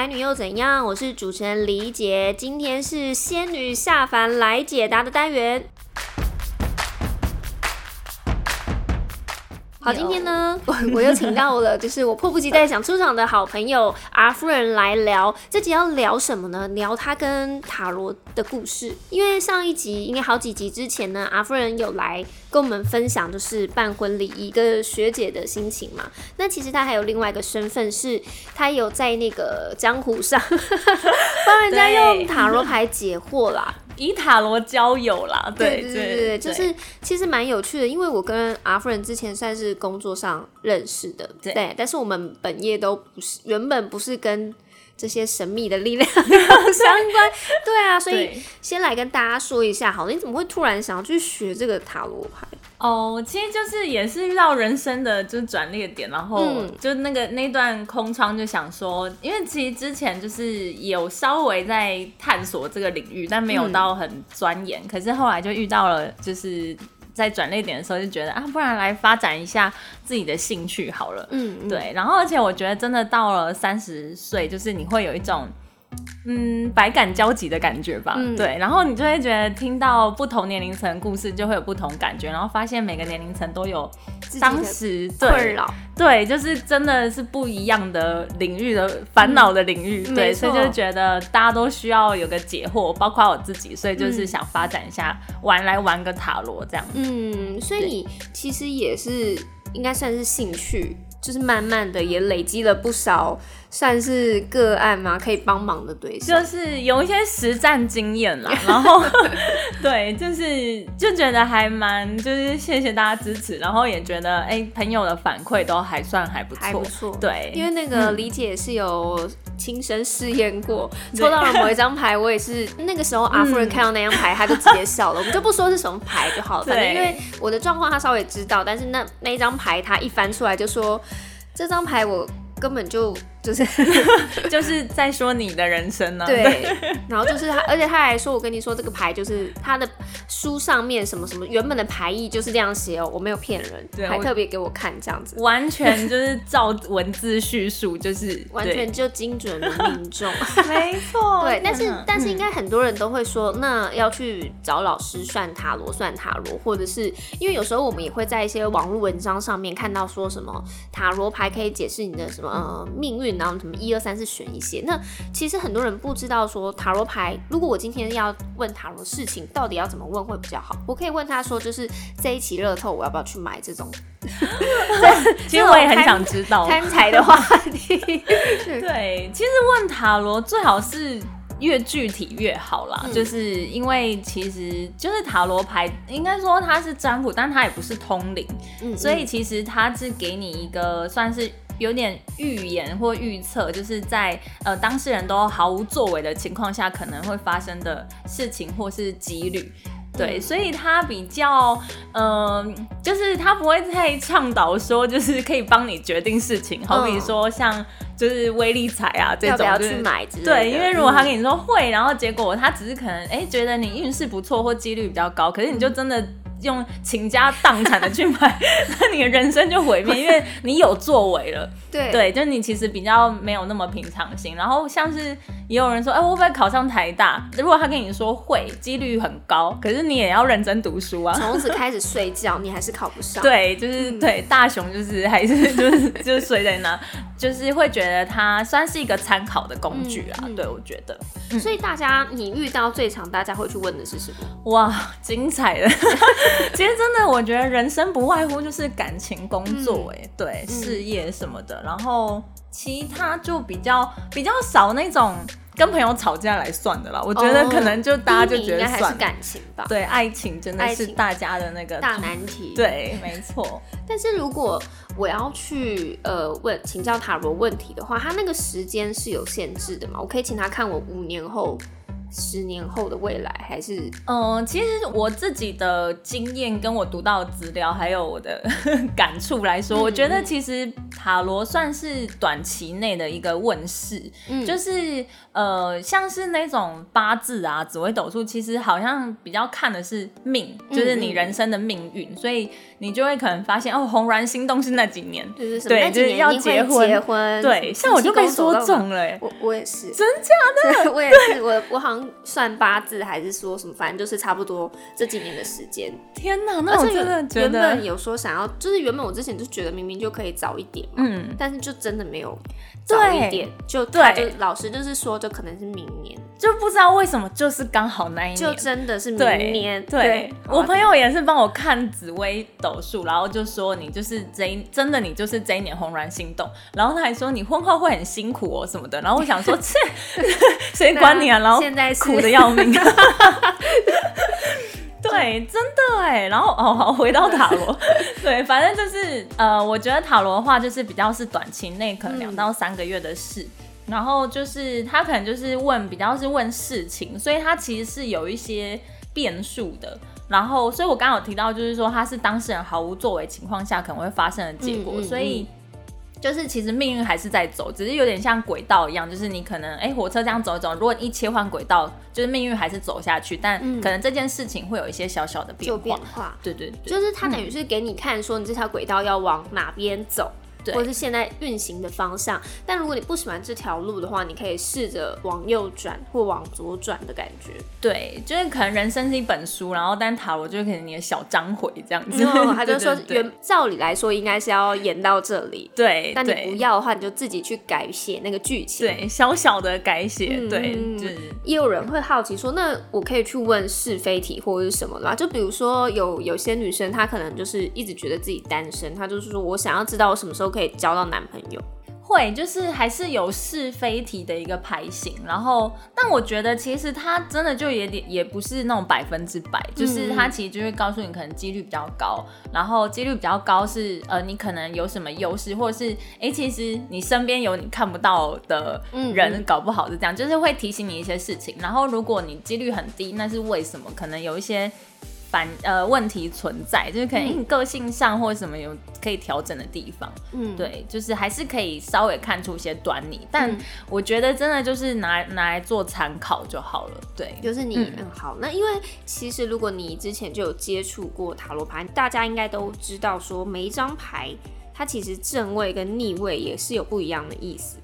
台女又怎樣？我是主持人狸姐，今天是仙女下凡來解答的單元。好，今天呢我，我又請到了，就是我迫不及待想出場的好朋友 R 夫人來聊。這集要聊什麼呢？聊他跟塔羅的故事。因為上一集，應該好幾集之前呢，R 夫人有來跟我們分享，就是辦婚禮一個學姐的心情嘛。那其實她還有另外一個身份，是她有在那個江湖上幫 人家用塔羅牌解惑啦。對 以塔羅交友啦，對對對，對對，對對對就是對其實蠻有趣的，因為我跟 R 夫人之前算是工作上認識的，對，對，但是我們本業都不是，原本不是跟。這些神秘的力量相關， 對， 對啊，所以先來跟大家說一下，好，你怎麼會突然想要去學這個塔羅牌？哦，oh, 其實就是也是遇到人生的就轉捩點，然後就那個那段空窗就想說，嗯、因為其實之前就是有稍微在探索這個領域，但沒有到很鑽研，嗯、可是後來就遇到了就是。在轉捩點的時候就覺得啊，不然來發展一下自己的興趣好了。嗯，對。然後，而且我覺得真的到了三十歲，就是你會有一種。嗯，百感交集的感覺吧。嗯、對，然後你就會覺得聽到不同年齡層的故事，就會有不同感覺，然後發現每個年齡層都有當時困擾。對，就是真的是不一樣的領域的煩惱的領域。嗯、對，沒錯。所以就覺得大家都需要有個解惑，包括我自己，所以就是想發展一下、嗯、玩來玩個塔羅這樣子。嗯，所以對。其實也是應該算是興趣。就是慢慢的也累積了不少，算是個案嘛，可以幫忙的對象，就是有一些實戰經驗啦，然後， 對，就是就覺得還蠻，就是謝謝大家支持。然後也覺得，哎、欸，朋友的反饋都還算還不錯，還不錯，對。因為那個狸姐是有，親身試驗過，抽到了某一張牌，我也是對那個時候，R 夫人看到那張牌，她、嗯、就直接笑了。我們就不說是什麼牌就好了，對反正因為我的狀況她稍微知道，但是那那一張牌她一翻出來就說，這張牌我根本就。就是 就是在說你的人生呢、啊，對。然後就是他，而且他還說：“我跟你說，這個牌就是他的書上面什麼什麼原本的牌意就是這樣寫哦、喔，我沒有騙人。”對，還特別給我看這樣子，完全就是照文字敘述，就是、 就是、完全就精準的命中， 沒錯錯。對，的但是、嗯、但是應該很多人都會說，那要去找老師算塔羅算塔羅，或者是因為有時候我們也會在一些網絡文章上面看到說什麼塔羅牌可以解釋你的什麼、呃、命運。然後什麼一二三四選一些，那其實很多人不知道說塔羅牌，如果我今天要問塔羅事情，到底要怎麼問會比較好？我可以問他說，就是這一期樂透，我要不要去買這種？ 其實我也很想知道。貪財的話題 是。對，其實問塔羅最好是越具體越好啦，嗯、就是因為其實就是塔羅牌，應該說它是占卜，但它也不是通靈，嗯嗯，所以其實它是給你一個算是。有點預言或預測，就是在呃當事人都毫無作為的情況下可能會發生的事情或是幾率。對，嗯、所以他比較嗯、呃，就是他不會太倡導說，就是可以幫你決定事情。好比說像就是威力彩啊這種、就是，要不要去買？對，因為如果他跟你說會，然後結果他只是可能哎、嗯欸、覺得你運勢不錯或幾率比較高，可是你就真的。用傾家蕩產的去買，那 你的人生就毀滅，因為你有作為了。對對，就是你其實比較沒有那麼平常心。然後像是也有人說，哎、欸，我會不會考上台大？如果他跟你說會，幾率很高，可是你也要認真讀書啊。從此開始睡覺， 你還是考不上。對，就是、嗯、對大雄就是還是就是就睡在那， 就是會覺得他算是一個參考的工具啊。嗯嗯、對我覺得，所以大家、嗯、你遇到最常大家會去問的是什麼？哇，精彩的。 其實真的，我覺得人生不外乎就是感情、工作，欸，哎、嗯，對，嗯、事業什麼的，然後其他就比較比較少那種跟朋友吵架來算的啦。哦、我覺得可能就大家就覺得算還是感情吧。對，愛情真的是大家的那個大難題。對，沒錯。但是如果我要去呃問請教塔羅問題的話，他那個時間是有限制的嘛？我可以請他看我五年後。十年後的未來還是嗯、呃，其實我自己的經驗跟我讀到的資料，還有我的呵呵感觸來說，嗯、我覺得其實塔羅算是短期內的一個問世，嗯、就是呃，像是那種八字啊、紫微斗數，其實好像比較看的是命，就是你人生的命運，嗯、所以你就會可能發現哦，紅鸞心動是那幾年，就是什麼對，那幾年就是要結婚結婚，對，像我就被說中了，我我也是，真的假的？我也是， 我是我，我好像。算八字還是說什麼？反正就是差不多這幾年的時間。天哪，那我真的覺得，原本有說想要，就是原本我之前就覺得明明就可以早一點嘛，嗯、但是就真的沒有早一點。就對，就就對老師就是說，就可能是明年，就不知道為什麼就是剛好那一年，就真的是明年。對，對,哇 對，我朋友也是幫我看紫微斗數，然後就說你就是這一真的你就是這一年紅鸞心動，然後他還說你婚後會很辛苦哦、喔、什麼的，然後我想說切，誰管對 你啊？然後現在。苦的要命， 對，真的哎。然後哦，好，回到塔羅， 對，反正就是呃，我覺得塔羅的話就是比較是短期內可能兩到三個月的事，嗯、然後就是他可能就是問比較是問事情，所以他其實是有一些變數的。然後，所以我剛剛有提到就是說，他是當事人毫無作為情況下可能會發生的結果，嗯嗯嗯、所以。就是其實命運還是在走，只是有點像軌道一樣，就是你可能哎、欸、火車這樣走一走，如果你一切換軌道，就是命運還是走下去，但可能這件事情會有一些小小的變化、嗯、就變化，對，對對，就是它等於是給你看說你這條軌道要往哪邊走。嗯或者是現在運行的方向，但如果你不喜歡這條路的話，你可以試着往右轉或往左轉的感覺。對，就是可能人生是一本書，然後但塔羅我就可能你的小章回這樣子。他、 no, 就說原，原照理來說應該是要演到這裡。對，但你不要的話，你就自己去改寫那個劇情。對，小小的改寫。嗯、對，就是、也有人會好奇說，那我可以去問是非題或者什麼嗎？就比如說有有些女生，她可能就是一直覺得自己單身，她就是說我想要知道我什麼時候。可以交到男朋友，會就是還是有是非題的一個牌型，然後但我覺得其實他真的就也也也不是那種百分之百，嗯、就是他其實就會告訴你可能幾率比較高，然後幾率比較高是呃你可能有什麼優勢，或者是誒、欸，其實你身邊有你看不到的人，搞不好是這樣，嗯嗯就是會提醒你一些事情。然後如果你幾率很低，那是為什麼？可能有一些。反呃，問題存在，就是可能個性上或什麼有可以調整的地方，嗯，對，就是還是可以稍微看出一些端倪，嗯，但我覺得真的就是拿拿來做參考就好了，對，就是你嗯，嗯，好，那因為其實如果你之前就有接觸過塔羅牌，大家應該都知道說每一張牌它其實正位跟逆位也是有不一樣的意思。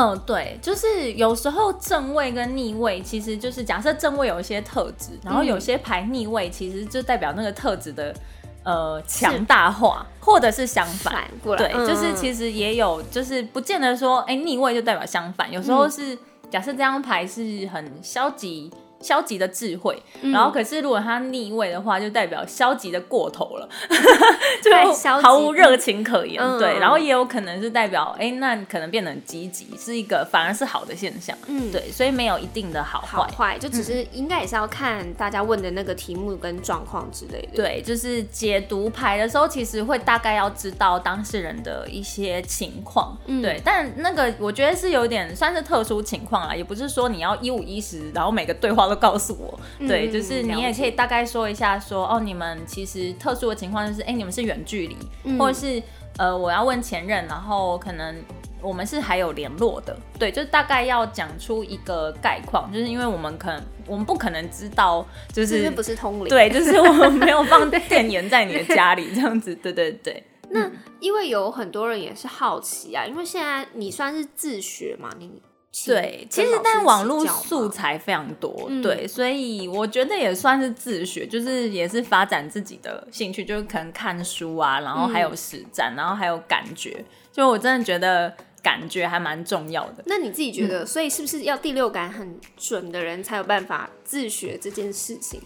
嗯、呃，對，就是有時候正位跟逆位，其實就是假設正位有一些特質，嗯、然後有些牌逆位，其實就代表那個特質的呃強大化，是或者是相反，反過來。對，嗯嗯，就是其實也有，就是不見得說，哎，逆位就代表相反，有時候是、嗯、假設這張牌是很消極。消極的智慧，嗯、然後可是如果他逆位的話，就代表消極的過頭了， 就毫無熱情可言。嗯啊、對，然後也有可能是代表，哎，那可能變得很積極，是一個反而是好的現象。嗯，對，所以沒有一定的好壞，好壞就只是應該也是要看大家問的那個題目跟狀況之類的。嗯、對，就是解讀牌的時候，其實會大概要知道當事人的一些情況。嗯、對，但那個我覺得是有點算是特殊情況啦，也不是說你要一五一十，然後每個對話都告訴我，嗯、對，就是你也可以大概說一下說，說、嗯、哦，你們其實特殊的情況就是，哎、欸，你們是遠距離，嗯，或者是呃，我要問前任，然後可能我們是還有聯絡的，對，就大概要講出一個概況，就是因為我們可能我們不可能知道，就是不是通靈，對，就是我們沒有放電源在你的家裡 對 這樣子，對對對。對那、嗯、因為有很多人也是好奇啊，因為現在你算是自學嘛，你。請對，其實但網絡素材非常多，嗯、對，所以我覺得也算是自學，就是也是發展自己的興趣，就是可能看書啊，然後還有實戰，嗯、然後還有感覺，就我真的覺得感覺還蠻重要的。那你自己覺得，所以是不是要第六感很準的人才有辦法自學這件事情？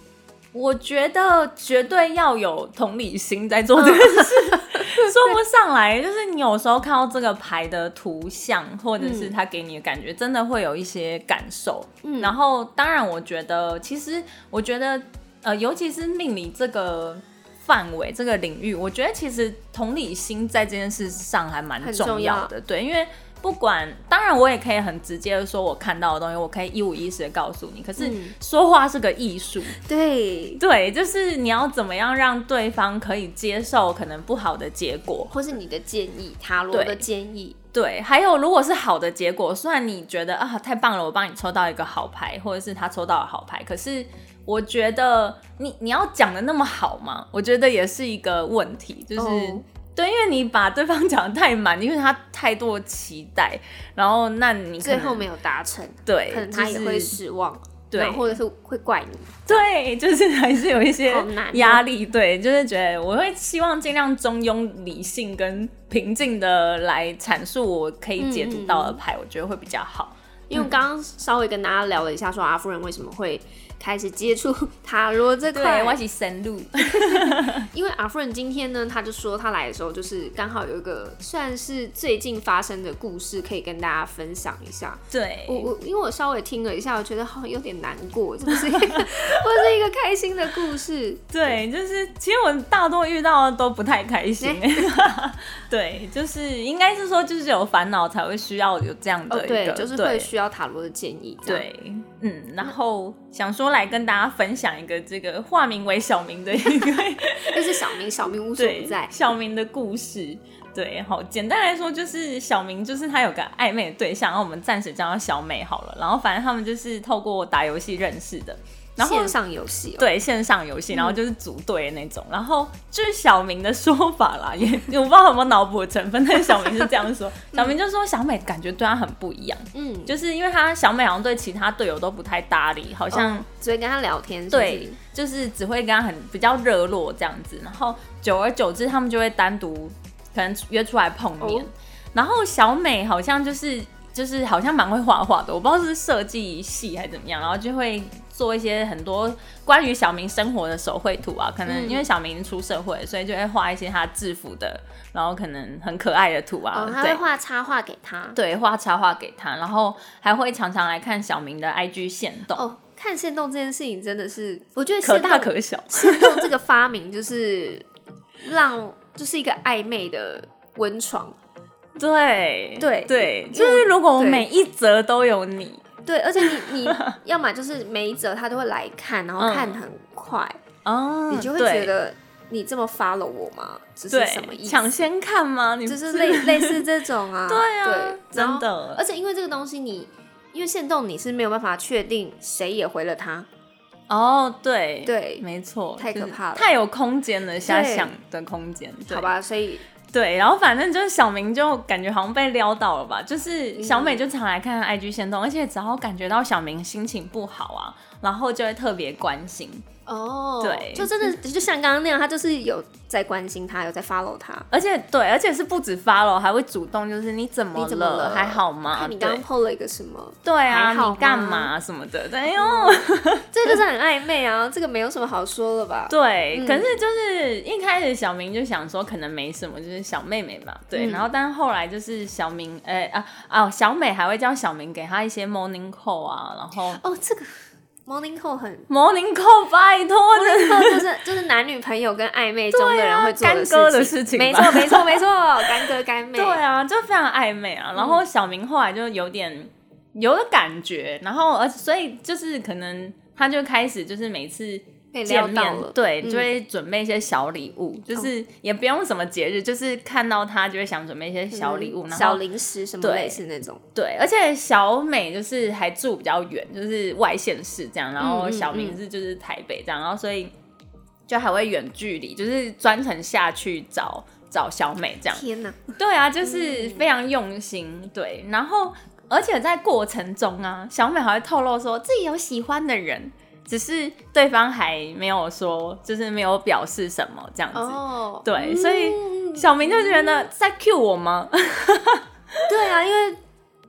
我覺得絕對要有同理心在做這個事、嗯。 說不上來，就是你有時候看到這個牌的圖像，或者是它給你的感覺，嗯、真的會有一些感受。嗯、然後，當然，我覺得，其實，我覺得，呃，尤其是命理這個範圍、這個領域，我覺得其實同理心在這件事上還蠻重要的，很重要。對，因為。不管，當然我也可以很直接的說，我看到的東西，我可以一五一十的告訴你。可是說話是個藝術，對、嗯、對，就是你要怎麼樣讓對方可以接受可能不好的結果，或是你的建議，塔羅的建議對。對，還有如果是好的結果，雖然你覺得啊太棒了，我幫你抽到一個好牌，或者是他抽到了好牌，可是我覺得你你要講的那麼好嗎？我覺得也是一個問題，就是。哦對，因為你把對方講得太滿，因為他太多期待，然後那你最後沒有達成，對，可能他也會失望，就是、對，或者是會怪你，對，就是還是有一些壓力，難啊、對，就是覺得我會希望盡量中庸、理性跟平靜的來闡述我可以解讀到的牌，嗯、我覺得會比較好。因為我剛剛稍微跟大家聊了一下，說 R 夫人為什麼會。開始接觸塔羅這塊，關係深入。路 因為 R 夫人今天呢，他就說他來的時候就是剛好有一個算是最近發生的故事可以跟大家分享一下。對，我我因為我稍微聽了一下，我覺得好像、哦、有點難過，是不是？ 我是一個開心的故事？對，就是其實我大多遇到的都不太開心。欸、 對，就是應該是說，就是有煩惱才會需要有這樣的一個，oh, 對，對就是會需要塔羅的建議。對，嗯，然後那想說。來跟大家分享一個這個化名為小明的一個， 就是小明，小明無所不在，小明的故事，對，好，簡單來說就是小明就是他有個曖昧的對象，然後我們暫時叫他小美好了，然後反正他們就是透過打遊戲認識的。然後線上遊戲、哦、對線上遊戲，然後就是組隊的那種。嗯、然後就是小明的說法啦，也我不知道有沒有腦補成分， 但是小明是這樣說：小明就說小美感覺對他很不一樣，嗯，就是因為他小美好像對其他隊友都不太搭理，好像只會、哦、跟他聊天是不是，對，就是只會跟他很比較熱絡這樣子。然後久而久之，他們就會單獨可能約出來碰面。哦、然後小美好像就是。就是好像蠻會畫畫的，我不知道是設計系還是怎麼樣，然後就會做一些很多關於小明生活的手繪圖啊。可能因為小明出社會，嗯、所以就會畫一些他制服的，然後可能很可愛的圖啊。他、哦、對會畫插畫給他，對，畫插畫給他，然後還會常常來看小明的 IG 限動。哦，看限動這件事情真的是，我覺得是可大可小。限 動這個發明就是讓，就是一個曖昧的溫床。對對對，就是如果我每一則都有你，對，而且你你要麼就是每一則他都會來看，然後看很快哦，你就會覺得你這麼 follow 我嗎？這是什麼意思？搶先看嗎？你就是類類似這種啊？對啊，真的。而且因為這個東西，你因為限動你是沒有辦法確定誰也回了他。哦，對對，沒錯，太可怕了，太有空間了，瞎想的空間。好吧，所以。對，然後反正就是小明就感覺好像被撩到了吧，就是小美就常來看 IG 限動，而且只要感覺到小明心情不好啊，然後就會特別關心哦，對，就真的就像剛剛那樣，他就是有在關心他，有在 follow 他，而且對，而且是不止 follow，還會主動就是你怎麼了，還好嗎？你剛 po 了一個什麼？對啊，你幹嘛什麼的？哎呦，這個是很曖昧啊，這個沒有什麼好說了吧？對，可是就是一開始小明就想說可能沒什麼，就是。小妹妹嘛，對，嗯、然後但是後來就是小明，呃、欸、啊哦、啊，小美還會叫小明給她一些 morning call 啊，然後哦，這個 morning call 很 morning call。拜托，就是就是男女朋友跟曖昧中的人會乾哥的事情，啊、事情沒錯沒錯沒錯。乾哥乾妹，對啊，就非常曖昧啊。然後小明後來就有點、嗯、有了感覺，然後而所以就是可能他就開始就是每次。見面到了，對，嗯、就會準備一些小禮物，嗯、就是也不用什麼節日，就是看到他就會想準備一些小禮物，那、嗯嗯、後小零食什麼類似對，的，是那種，對。而且小美就是還住比較遠，就是外縣市這樣，然後小名字小明是就是台北這樣，嗯嗯嗯，然後所以就還會遠距離，就是專程下去找找小美這樣。天吶哪，對啊，就是非常用心，嗯、對。然後而且在過程中啊，小美還會透露說自己有喜歡的人。只是對方還沒有說，就是沒有表示什麼這樣子，哦、對，嗯、所以小明就覺得、嗯、在 cue 我嗎？ 對啊，因為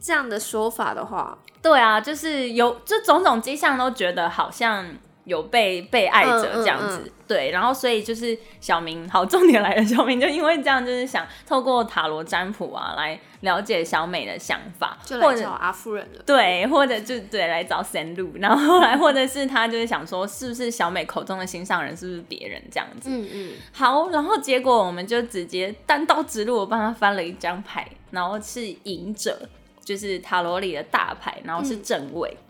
這樣的說法的話，對啊，就是有這種種跡象都覺得好像。有被被愛著這樣子，嗯嗯嗯、對，然後所以就是小明好，重點來了，小明就因為這樣，就是想透過塔羅占卜啊，來了解小美的想法，就來找 R 夫人了，對， 或者就對來找神路。然後，後來或者是他就是想說，是不是小美口中的心上人是不是別人這樣子，嗯嗯，嗯好，然後結果我們就直接單刀直入，我幫他翻了一張牌，然後是隱者，就是塔羅裡的大牌，然後是正位。嗯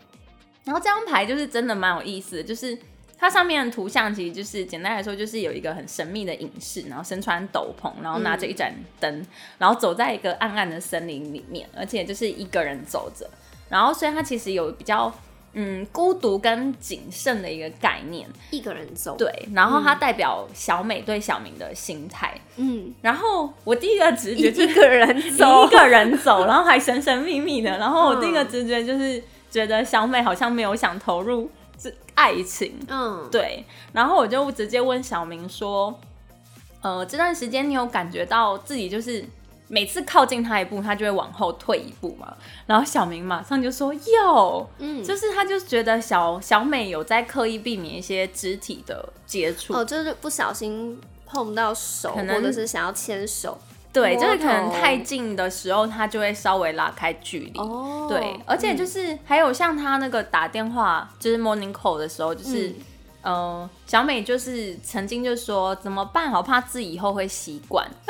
然後這張牌就是真的蠻有意思的，就是它上面的圖像其實就是簡單來說就是有一個很神秘的隱士，然後身穿斗篷，然後拿着一盞燈，然後走在一個暗暗的森林裡面，而且就是一個人走着。然後所以它其實有比較嗯孤獨跟謹慎的一個概念，一個人走，對，然後它代表小美對小明的心態，嗯。然後我第一個直覺就是，一個人走，一個人走，然後還神神秘秘的。然後我第一個直覺就是。覺得小美好像沒有想投入這愛情，嗯，對。然後我就直接問小明說：“呃，這段時間你有感覺到自己就是每次靠近他一步，他就會往後退一步嘛？”然後小明馬上就說：“有，嗯，就是他就覺得小小美有在刻意避免一些肢體的接觸，哦，就是不小心碰到手，或者是想要牽手。”對，頭就是可能太近的時候，他就會稍微拉開距離。Oh, 對，而且就是、嗯、還有像他那個打電話，就是 morning call 的時候，就是，嗯、呃，小美就是曾經就說怎麼辦？好怕自己以後會習慣。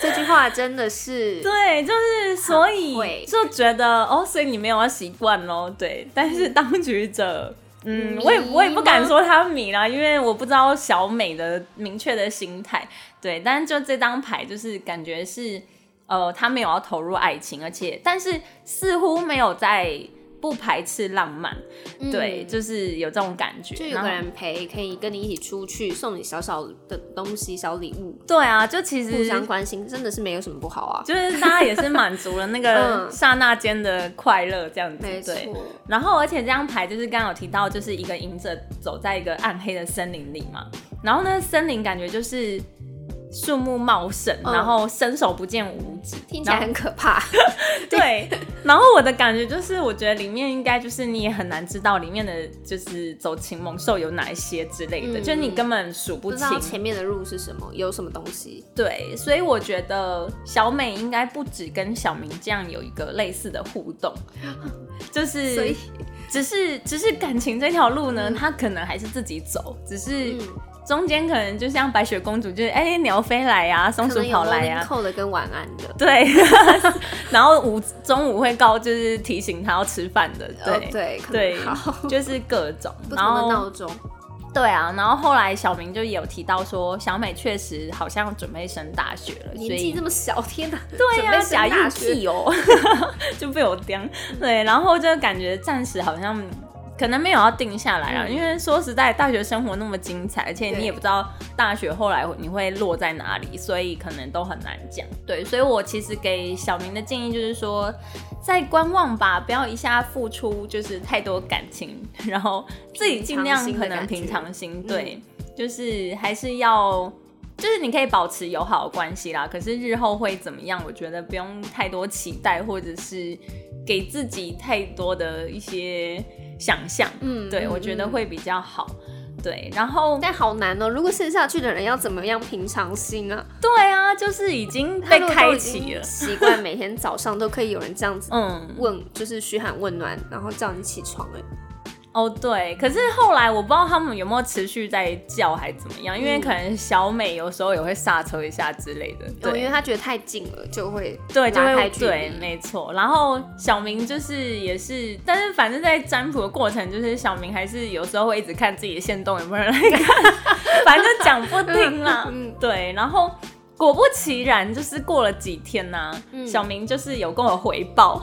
這句話真的是。對，就是所以就覺得哦，所以你沒有要習慣哦。對，但是當局者。嗯，嗎我也我也不敢說他迷啦，因為我不知道小美的明確的心態。對，但是就這張牌，就是感覺是，呃，他沒有要投入愛情，而且但是似乎沒有在。不排斥浪漫，嗯、對，就是有這種感覺，就有個人陪，然後，可以跟你一起出去，送你小小的東西、小禮物。對啊，就其實互相關心，真的是沒有什麼不好啊，就是大家也是滿足了那個剎那間的快樂，這樣子。 嗯、對。沒錯。然後，而且這張牌就是剛剛有提到，就是一個隱者走在一個暗黑的森林裡嘛，然後呢，森林感覺就是。樹木茂盛，嗯、然後伸手不見五指，聽起來很可怕。對，然後我的感覺就是，我覺得裡面應該就是你也很難知道裡面的，就是走禽猛獸有哪一些之類的，嗯、就是你根本數不清，不知道前面的路是什麼，有什麼東西。對，所以我覺得小美應該不止跟小明這樣有一個類似的互動，就是所以只是只是感情這條路呢，嗯、她可能還是自己走，只是。嗯中間可能就像白雪公主就，就是哎鳥飛來呀、啊，松鼠跑來呀、啊。扣的跟晚安的。對， 然後午中午會告就是提醒她要吃飯的，對對、oh, 對，就是各種然後不同的鬧鐘。對啊，然後後來小明就有提到說，小美確實好像準備升大學了，年紀這麼小天、啊，天哪對呀、啊，假大戲哦， 就被我這樣、嗯、對，然後就感覺暫時好像。可能沒有要定下來啊，嗯、因為說實在，大學生活那麼精彩，而且你也不知道大學後來你會落在哪裡，對所以可能都很難講。對，所以我其實給小明的建議就是說，再觀望吧，不要一下付出就是太多感情，然後自己盡量可能平常心。平常心的感覺，對，嗯、就是還是要，就是你可以保持友好的關係啦。可是日後會怎麼樣，我覺得不用太多期待，或者是給自己太多的一些。想象，嗯，對，嗯，我覺得會比較好，嗯、對，然後但好難哦、喔。如果剩下去的人要怎麼樣平常心啊？對啊，就是已經被開啟了，習慣 每天早上都可以有人這樣子問，嗯，問就是噓寒問暖，然後叫你起床、欸，哦，oh，對，可是後來我不知道他們有沒有持續在叫，還是怎麼樣？嗯、因為可能小美有時候也會剎車一下之類的，對，哦、因為她覺得太近了就會對，就會對，沒錯。然後小明就是也是，但是反正在占卜的過程，就是小明還是有時候會一直看自己的限動，有沒有人來看， 反正就講不聽啦。 嗯、對，然後果不其然，就是過了幾天呢、啊，嗯、小明就是有跟我回報，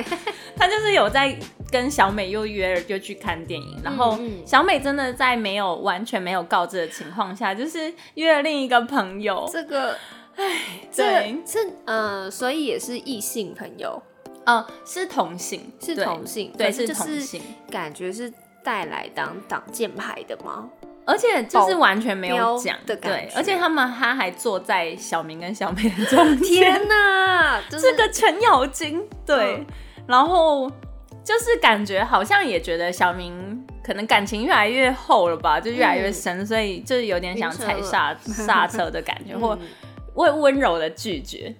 他就是有在。跟小美又約了，就去看電影。然後小美真的在沒有完全沒有告知的情況下，就是約了另一個朋友。這個，哎唉，對這，是呃，所以也是異性朋友啊、呃，是同性，是同性，對，對是同性，感覺是帶來當擋箭牌的嗎？而且就是完全沒有講的感覺，對。而且他們他還坐在小明跟小美的中間。天哪，這、就是、個程咬金，對，哦、然後。就是感覺好像也覺得小明可能感情越來越厚了吧，就越來越深，嗯、所以就是有點想踩剎剎車的感覺，嗯、或會溫柔的拒絕。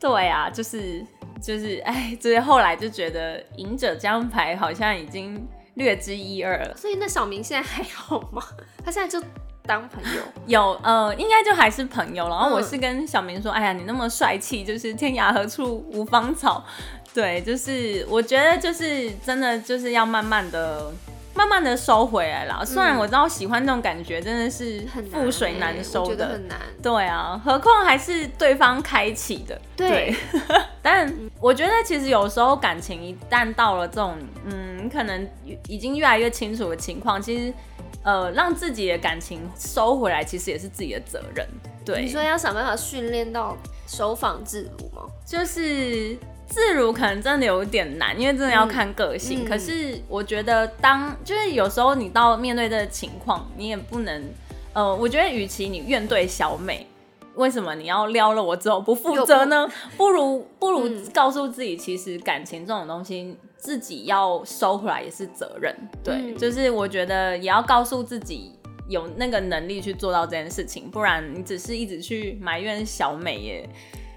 對啊，就是就是哎，就是後來就覺得《隱者》這張牌好像已經略知一二了。所以那小明現在還好嗎？他現在就。當朋友有，呃，應該就還是朋友了。然後我是跟小明說，嗯、哎呀，你那麼帥氣，就是天涯何處無芳草，對，就是我覺得就是真的就是要慢慢的、慢慢的收回來了。雖然我知道我喜歡那種感覺真的是覆水難收的，嗯，很難、欸、對啊，何況還是對方開啟的。對，對 但我覺得其實有時候感情一旦到了這種，嗯，可能已經越來越清楚的情況，其實。呃，讓自己的感情收回來，其實也是自己的責任。對，你說要想辦法訓練到收放自如嗎？就是自如，可能真的有點難，因為真的要看個性。嗯嗯、可是我覺得當，當就是有時候你到面對這個情況，你也不能呃，我覺得，與其你怨對小美，為什麼你要撩了我之後不負責呢？不如不如告訴自己，其實感情這種東西。自己要收回來也是責任，對，嗯，就是我覺得也要告訴自己有那個能力去做到這件事情，不然你只是一直去埋怨小美耶。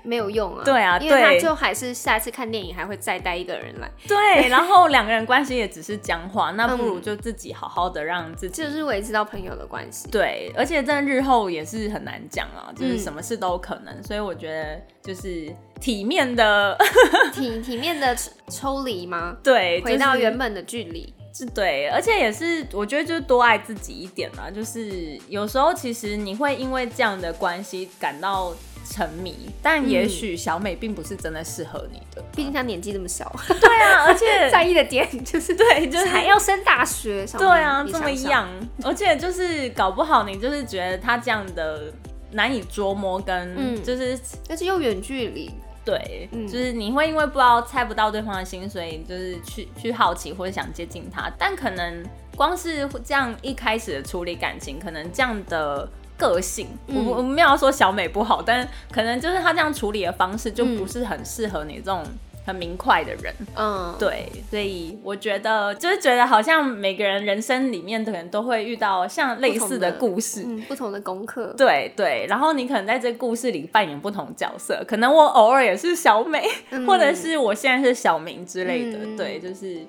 沒有用啊！對啊，因為他就還是下次看電影還會再帶一個人來。對， 然後兩個人關係也只是僵化，那不如就自己好好的讓自己，嗯、就是維持到朋友的關係。對，而且在日後也是很難講啊，就是什麼事都可能。嗯、所以我覺得就是體面的 體體面的抽離嗎？對，就是，回到原本的距離。是對，而且也是我覺得就是多愛自己一點嘛、啊。就是有時候其實你會因為這樣的關係感到。沉迷，但也許小美並不是真的適合你的，畢竟她年紀這麼小。 對啊，而且在意的點就是，對，就是還要升大學。 對啊，這麼一樣， 而且就是搞不好你就是覺得她這樣的難以捉摸，跟就是，但是又遠距離。對，嗯、就是你會因為不知道猜不到對方的心，所以就是去去好奇或者想接近他，但可能光是這樣一開始的處理感情，可能這樣的個性，我我沒有要說小美不好，嗯、但可能就是她這樣處理的方式就不是很適合你這種很明快的人。嗯，對，所以我覺得就是覺得好像每個人人生裡面可能都會遇到像類似的故事，不同，嗯、不同的功課，對對。然後你可能在這個故事裡扮演不同角色，可能我偶爾也是小美，嗯、或者是我現在是小明之類的。嗯、對，就是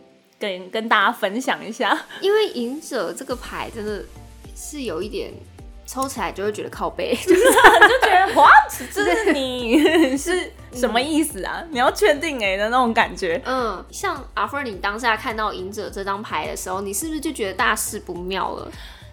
跟跟大家分享一下，因為隱者這個牌真的是有一點。抽起來就會覺得靠背，就是、啊、就覺得哇，這 是你對 是什麼意思啊？嗯、你要確定哎、欸、的那種感覺。嗯，像阿芬，你當下看到隱者這張牌的時候，你是不是就覺得大事不妙了？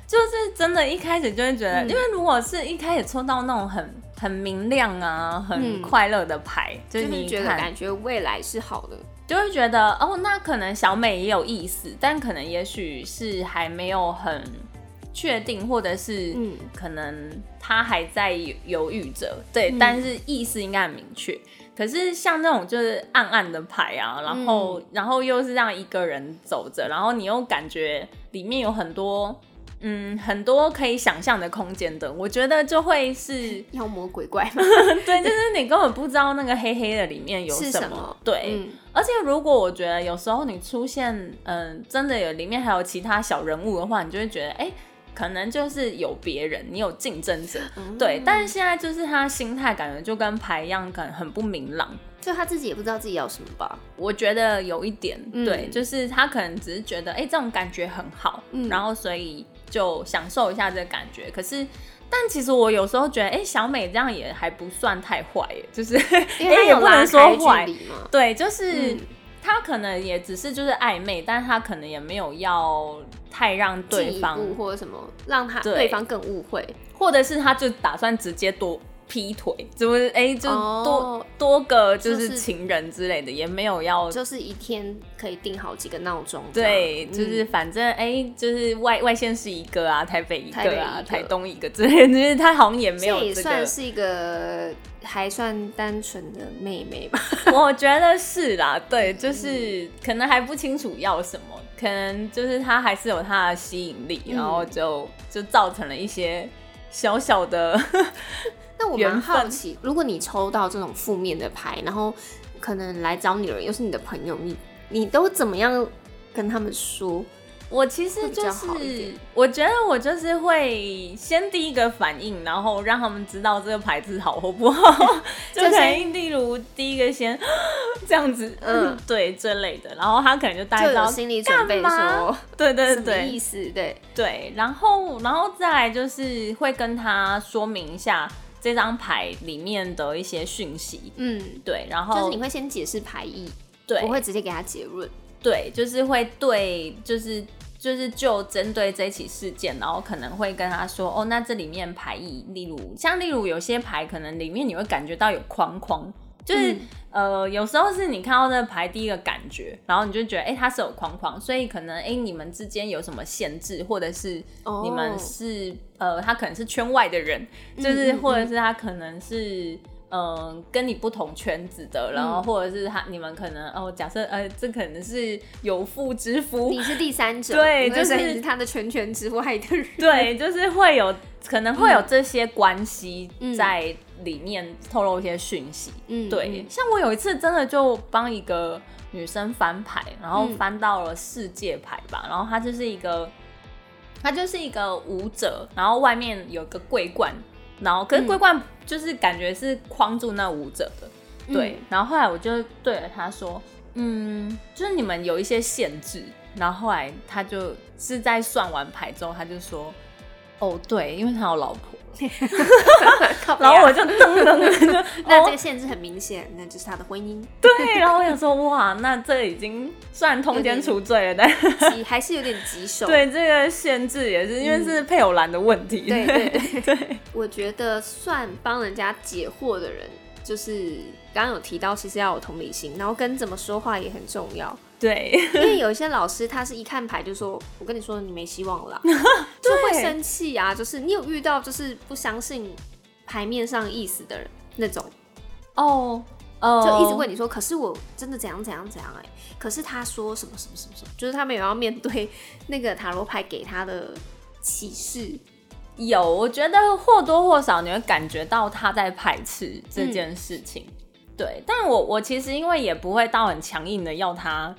就是真的，一開始就會覺得，嗯、因為如果是一開始抽到那種很很明亮啊、很快樂的牌，嗯、就是你就覺得感覺未來是好的，就會覺得哦，那可能小美也有意思，但可能也許是還沒有很。確定，或者是可能他還在猶豫着，嗯、對，但是意思應該很明確。嗯、可是像那種就是暗暗的牌啊，然後、嗯、然後又是讓一個人走着，然後你又感覺裡面有很多嗯很多可以想象的空間的，我覺得就會是妖魔鬼怪。 對，就是你根本不知道那個黑黑的裡面有什麼。什麼對，嗯、而且如果我覺得有時候你出現嗯、呃、真的有裡面還有其他小人物的話，你就會覺得哎。欸可能就是有別人，你有競爭者，嗯、對，但是現在就是他心態感覺就跟牌一樣，可能很不明朗，就他自己也不知道自己要什麼吧。我覺得有一點、嗯、對，就是他可能只是覺得哎、欸，這種感覺很好，嗯、然後所以就享受一下這個感覺。可是，但其實我有時候覺得，哎、欸，小美這樣也還不算太壞耶，就是因為有、 欸、也不能說壞，對，就是。嗯他可能也只是就是曖昧，但他可能也沒有要太讓對方或者什麼讓他對、對方更誤會，或者是他就打算直接多。劈腿，怎麼？哎、欸，就多、oh, 多個就是情人之類的，就是、也沒有要，就是一天可以定好幾個鬧鐘。對，就是反正哎、嗯欸，就是外外線是一個啊，台北一個啊，台，啊台東一個，這、啊，就是他好像也沒有、這個，也算是一個還算單純的妹妹吧。 我覺得是啦，對，就是可能還不清楚要什麼，嗯嗯可能就是他還是有他的吸引力，然後就就造成了一些小小的。 但我很好奇，算如果你抽到這種負面的牌，然後可能來找女人又是你的朋友，你你都怎麼樣跟他們說？我其實就是我覺得我就是會先第一個反應，然後讓他們知道這個牌子好或不好。 就肯定， 例如第一個先這樣子，嗯、呃，對這類的，然後他可能就帶到心理準備說，對,對對對，什麼意思對對，然後然後再來就是會跟他說明一下。這張牌裡面的一些訊息，嗯，對，然後就是你會先解釋牌意，對，我會直接給他結論，對，就是會對，就是就是就針對這起事件，然後可能會跟他說，哦，那這裡面牌意，例如像例如有些牌可能裡面你會感覺到有框框。就是、嗯、呃，有時候是你看到那個牌第一個感覺，然後你就覺得，哎、欸，他是有框框，所以可能，哎、欸，你們之間有什麼限制，或者是你們是、哦、呃，他可能是圈外的人，就是、嗯、或者是他可能是嗯、呃，跟你不同圈子的，然後或者是他你們可能哦、呃，假設呃，這可能是有婦之夫，你是第三者，對，就是，是他的圈圈之外的人，對，就是會有可能會有這些關係在。嗯嗯裡面透露一些訊息，嗯，對，像我有一次真的就幫一個女生翻牌，然後翻到了世界牌吧，嗯、然後她就是一個，她就是一個舞者，然後外面有個桂冠，然後可是桂冠就是感覺是框住那舞者的，嗯、對，然後後來我就對了他說，嗯，就是你們有一些限制，然後後來他就是在算完牌之後，他就說，哦，對，因為他有老婆。 啊、 然後我就噔噔， 那這個限制很明顯， 那就是他的婚姻。 對，然後我想說，哇，那這已經算通姦除罪了，但點對還是有點棘手。對，這個限制也是、嗯、因為是配偶欄的問題。對對對對，對我覺得算幫人家解惑的人，就是剛剛有提到，其實要有同理心，然後跟怎麼說話也很重要。對，因為有一些老師，他是一看牌就說：“我跟你說，你沒希望了。 對”就會生氣啊。就是你有遇到就是不相信牌面上意思的人那種哦，oh, oh. 就一直問你說：“可是我真的怎樣怎樣怎樣、欸？”哎，可是他說什麼什麼什麼什麼，就是他們也要面對那個塔羅牌給他的啟示。有，我覺得或多或少你會感覺到他在排斥這件事情。嗯、對，但我我其實因為也不會到很強硬的要他。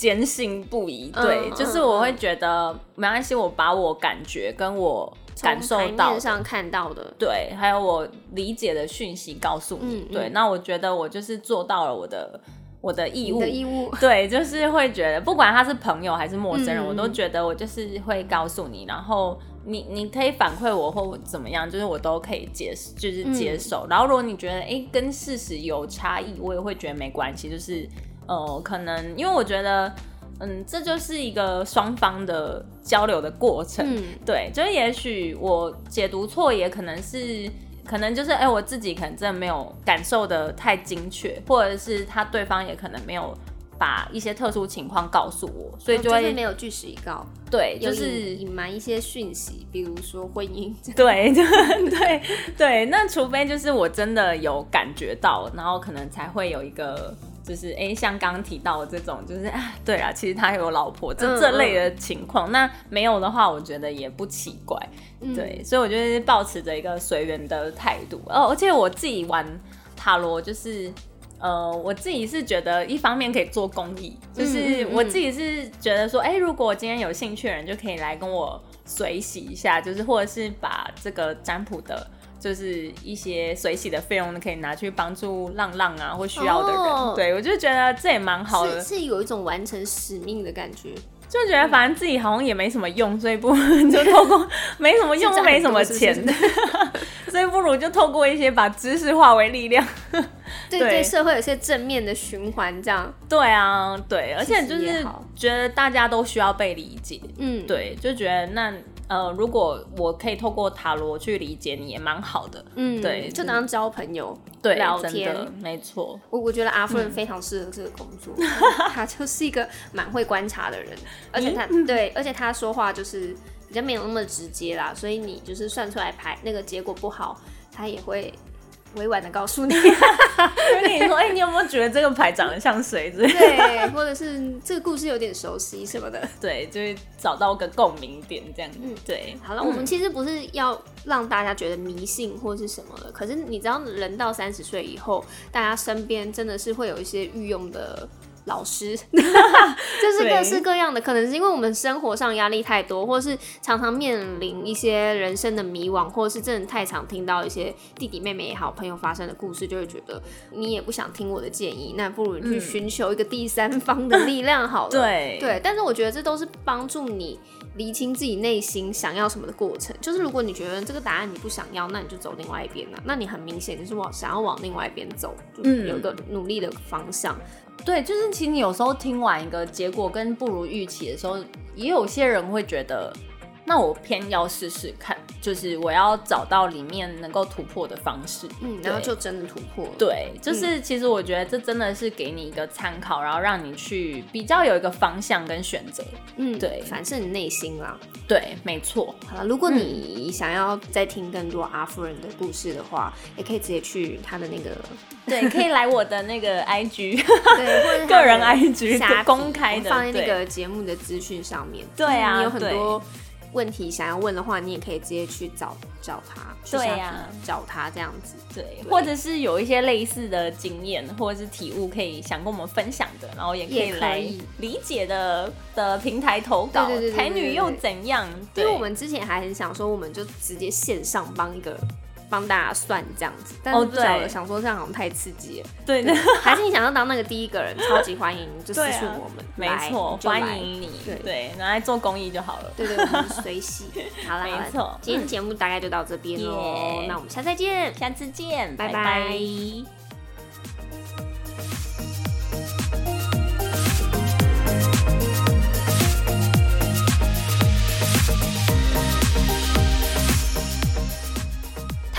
堅信不疑，對，嗯、就是我會覺得、嗯、沒關係，我把我感覺跟我感受到上看到的，對，還有我理解的訊息告訴你，嗯、對，嗯、那我覺得我就是做到了我的我的義務，義務，對，就是會覺得不管他是朋友還是陌生人，嗯、我都覺得我就是會告訴你，然後你你可以反饋我或怎麼樣，就是我都可以接，就是接受。嗯、然後如果你覺得哎、欸、跟事實有差異，我也會覺得沒關係，就是。呃，可能因為我覺得，嗯，這就是一個雙方的交流的過程，嗯、對，就是也許我解讀錯，也可能是，可能就是哎、欸，我自己可能真的沒有感受得太精確，或者是他對方也可能沒有把一些特殊情況告訴我，所以就、哦就是沒有據實以告，對，就是隱瞞一些訊息，比如說婚姻，對， 對，對，對，那除非就是我真的有感覺到，然後可能才會有一個。就是哎，像剛剛提到的這種，就是啊，對啊，其實他有老婆這、呃、這類的情況，那沒有的話，我覺得也不奇怪，嗯、對，所以我就是抱持着一個隨緣的態度。哦，而且我自己玩塔羅，就是呃，我自己是覺得一方面可以做公益，就是我自己是覺得說，哎、嗯嗯嗯，如果我今天有興趣的人，就可以來跟我隨喜一下，就是或者是把這個占卜的。就是一些隨喜的費用，可以拿去幫助浪浪啊，或需要的人。對，我就覺得這也蠻好的，是有一種完成使命的感覺。就覺得反正自己好像也沒什麼用，所以不就透過沒什麼用，沒什麼錢，所以不如就透過一些把知識化為力量，對對，社會有些正面的循環，這樣對啊對，而且就是覺得大家都需要被理解，嗯，對，就覺得那。呃，如果我可以透過塔羅去理解你，也蠻好的。嗯，對，就當交朋友，對，聊天，沒錯。我我覺得 R 夫人非常適合這個工作，嗯、他就是一個蠻會觀察的人， 而且他對，而且他說話就是比較沒有那麼直接啦，所以你就是算出來牌那個結果不好，他也會。委婉的告訴你，跟 你說，哎、欸，你有沒有覺得這個牌長得像誰之類的？對，或者是這個故事有點熟悉什麼的？對，就是找到個共鳴點這樣子。對，嗯、好了，我們其實不是要讓大家覺得迷信或是什麼的，可是你知道，人到三十歲以後，大家身邊真的是會有一些御用的。老師， 就是各式各樣的，對可能是因為我們生活上壓力太多，或者是常常面臨一些人生的迷惘，或者是真的太常聽到一些弟弟妹妹也好，朋友發生的故事，就會覺得你也不想聽我的建議，那不如你去尋求一個第三方的力量好了。嗯、對對，但是我覺得這都是幫助你釐清自己內心想要什麼的過程。就是如果你覺得這個答案你不想要，那你就走另外一邊啊。那你很明顯就是往想要往另外一邊走，就是有一個努力的方向。嗯對，就是其實你有時候聽完一個結果跟不如預期的時候，也有些人會覺得。那我偏要試試看，就是我要找到裡面能夠突破的方式，嗯，然後就真的突破。對，就是其實我覺得這真的是給你一個參考，然後讓你去比較有一個方向跟選擇。嗯，對，反正是你內心啦。對，沒錯。好了，如果你想要再聽更多 R 夫人的故事的話，也可以直接去他的那個，對，可以來我的那個 IG，對，或者個人 IG 公開放在那個節目的資訊上面。對啊，有很多。問題想要問的話，你也可以直接去找找他。對呀、啊，找他這樣子，對。對或者是有一些類似的經驗或者是體悟，可以想跟我們分享的，然後也可以來狸姐的的平台投稿。台女又怎樣？因為我們之前還很想說，我們就直接線上幫一個。幫大家算這樣子，但是不曉得想說這樣好像太刺激。對，還是你想要當那個第一個人，超級歡迎，就私訊我們，沒錯，歡迎你，對，拿來做公益就好了。對對對，隨喜，好了，沒錯。今天節目大概就到這邊了。那我們下次見，下次見，拜拜。